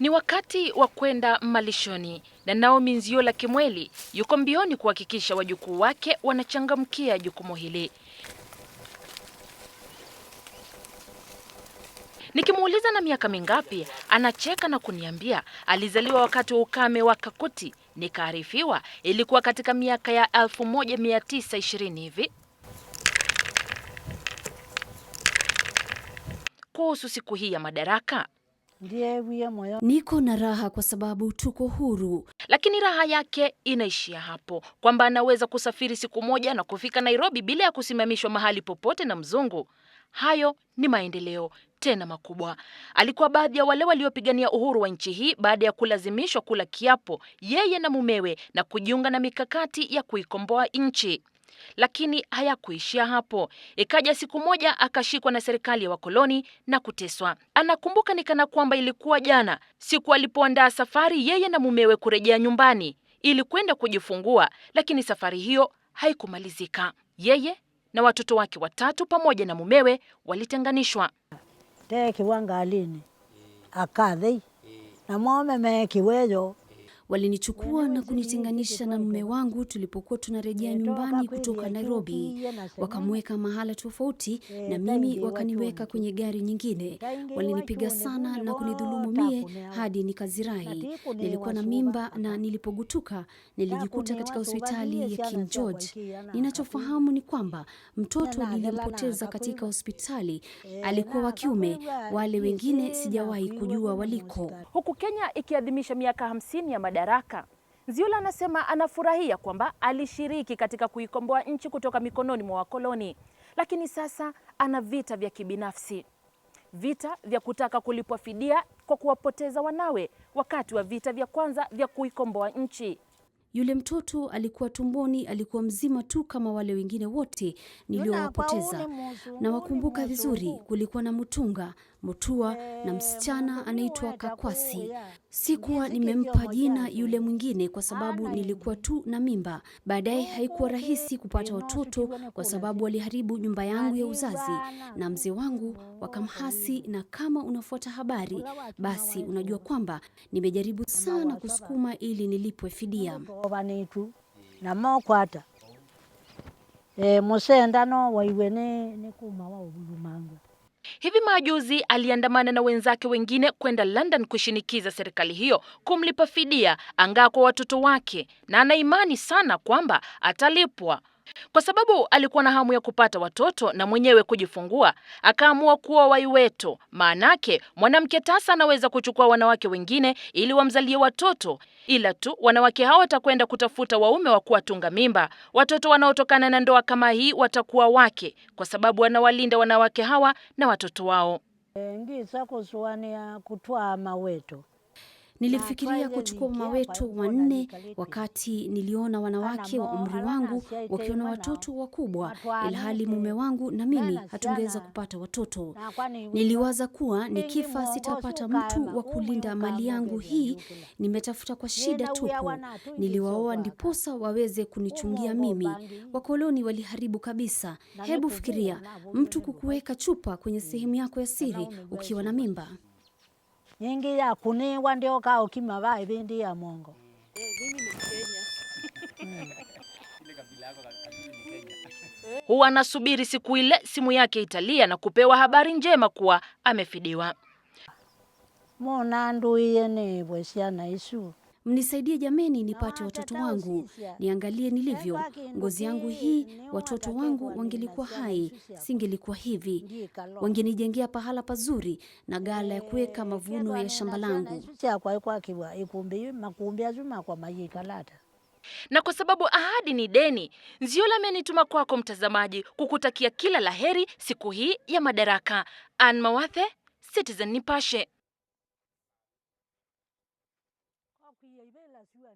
Ni wakati wa kwenda malishoni na Naomi Nziola Kimweli yuko mbioni kuhakikisha wajukuu wake wanachangamkia jukumu hili. Nikimuuliza na miaka mingapi, anacheka na kuniambia alizaliwa wakati wa ukame wa Kakuti. Nikaarifiwa ilikuwa katika miaka ya 1920 hivi. Kuhusu siku hii ya Madaraka, Niko na raha kwa sababu tuko huru. Lakini raha yake inaishia hapo, kwamba anaweza kusafiri siku moja na kufika Nairobi bila ya kusimamishwa mahali popote na mzungu. Hayo ni maendeleo tena makubwa. Alikuwa baadhi ya wale waliopigania uhuru wa nchi hii baada ya kulazimishwa kula kiapo yeye na mumewe na kujiunga na mikakati ya kuikomboa nchi. Lakini hayakuishia hapo. Ikaja siku moja akashikwa na serikali ya wakoloni na kuteswa. Anakumbuka ni kana kwamba ilikuwa jana, siku alipoandaa safari yeye na mumewe kurejea nyumbani ili kwenda kujifungua, lakini safari hiyo haikumalizika. Yeye na watoto wake watatu pamoja na mumewe walitenganishwa teekiwa ngalini akadhi na mwome Walinichukua na kunitenganisha na mume wangu tulipokuwa tunarejea nyumbani kutoka Nairobi. Wakamweka mahala tofauti na mimi, wakaniweka kwenye gari nyingine. Walinipiga sana na kunidhulumu mie hadi nikazirai. Nilikuwa na mimba na nilipogutuka nilijikuta katika hospitali ya King George. Ninachofahamu ni kwamba mtoto nilimpoteza katika hospitali alikuwa wa kiume, wale wengine sijawahi kujua waliko. Huku Kenya ikiadhimisha miaka hamsini ya madaraka. Nziula anasema anafurahia kwamba alishiriki katika kuikomboa nchi kutoka mikononi mwa wakoloni, lakini sasa ana vita vya kibinafsi, vita vya kutaka kulipwa fidia kwa kuwapoteza wanawe wakati wa vita vya kwanza vya kuikomboa nchi. Yule mtoto alikuwa tumboni, alikuwa mzima tu kama wale wengine wote niliowapoteza. Nawakumbuka vizuri, kulikuwa na Mutunga, Mutua na msichana anaitwa Kakwasi. Sikuwa nimempa jina yule mwingine kwa sababu nilikuwa tu na mimba. Baadaye haikuwa rahisi kupata watoto kwa sababu waliharibu nyumba yangu ya uzazi, na mzee wangu wakamhasi. Na kama unafuata habari, basi unajua kwamba nimejaribu sana kusukuma ili nilipwe fidia namokwata eh, musendano waiwe ni kuma wauvulumangu Hivi majuzi aliandamana na wenzake wengine kwenda London kushinikiza serikali hiyo kumlipa fidia angaa kwa watoto wake, na ana imani sana kwamba atalipwa. Kwa sababu alikuwa na hamu ya kupata watoto na mwenyewe kujifungua, akaamua kuwa Waiweto. Maanake mwanamke tasa anaweza kuchukua wanawake wengine ili wamzalie watoto, ila tu wanawake hao watakwenda kutafuta waume wa kuwatunga mimba. Watoto wanaotokana na ndoa kama hii watakuwa wake, kwa sababu anawalinda wanawake hawa na watoto wao. E, eh, ngisakhusuwania kutwaa maweto Nilifikiria kuchukua mama wetu wanne wakati niliona wanawake wa umri wangu wakiwa na watoto wakubwa, ilhali mume wangu na mimi hatungeweza kupata watoto. Niliwaza kuwa nikifa sitapata mtu wa kulinda mali yangu, hii nimetafuta kwa shida tupu. Niliwaoa ndiposa waweze kunichungia mimi. Wakoloni waliharibu kabisa. Hebu fikiria mtu kukuweka chupa kwenye mm. sehemu yako ya siri ukiwa na mimba nyingi ya kuniwa ndio kaa ukima vai vindi ya mongo eh, huwa anasubiri siku ile simu yake italia na kupewa habari njema kuwa amefidiwa munanduiye nibwe syana isu Mnisaidie jameni, nipate watoto wangu, niangalie nilivyo, ngozi yangu hii. Watoto wangu wangelikuwa hai, singelikuwa hivi. Wangenijengea pahala pazuri na gala ya kuweka eh, mavuno ya shamba langu. Na kwa sababu ahadi ni deni, Nziola amenituma kwako mtazamaji kukutakia kila laheri siku hii ya madaraka. Ann Mawathe, Citizen Nipashe.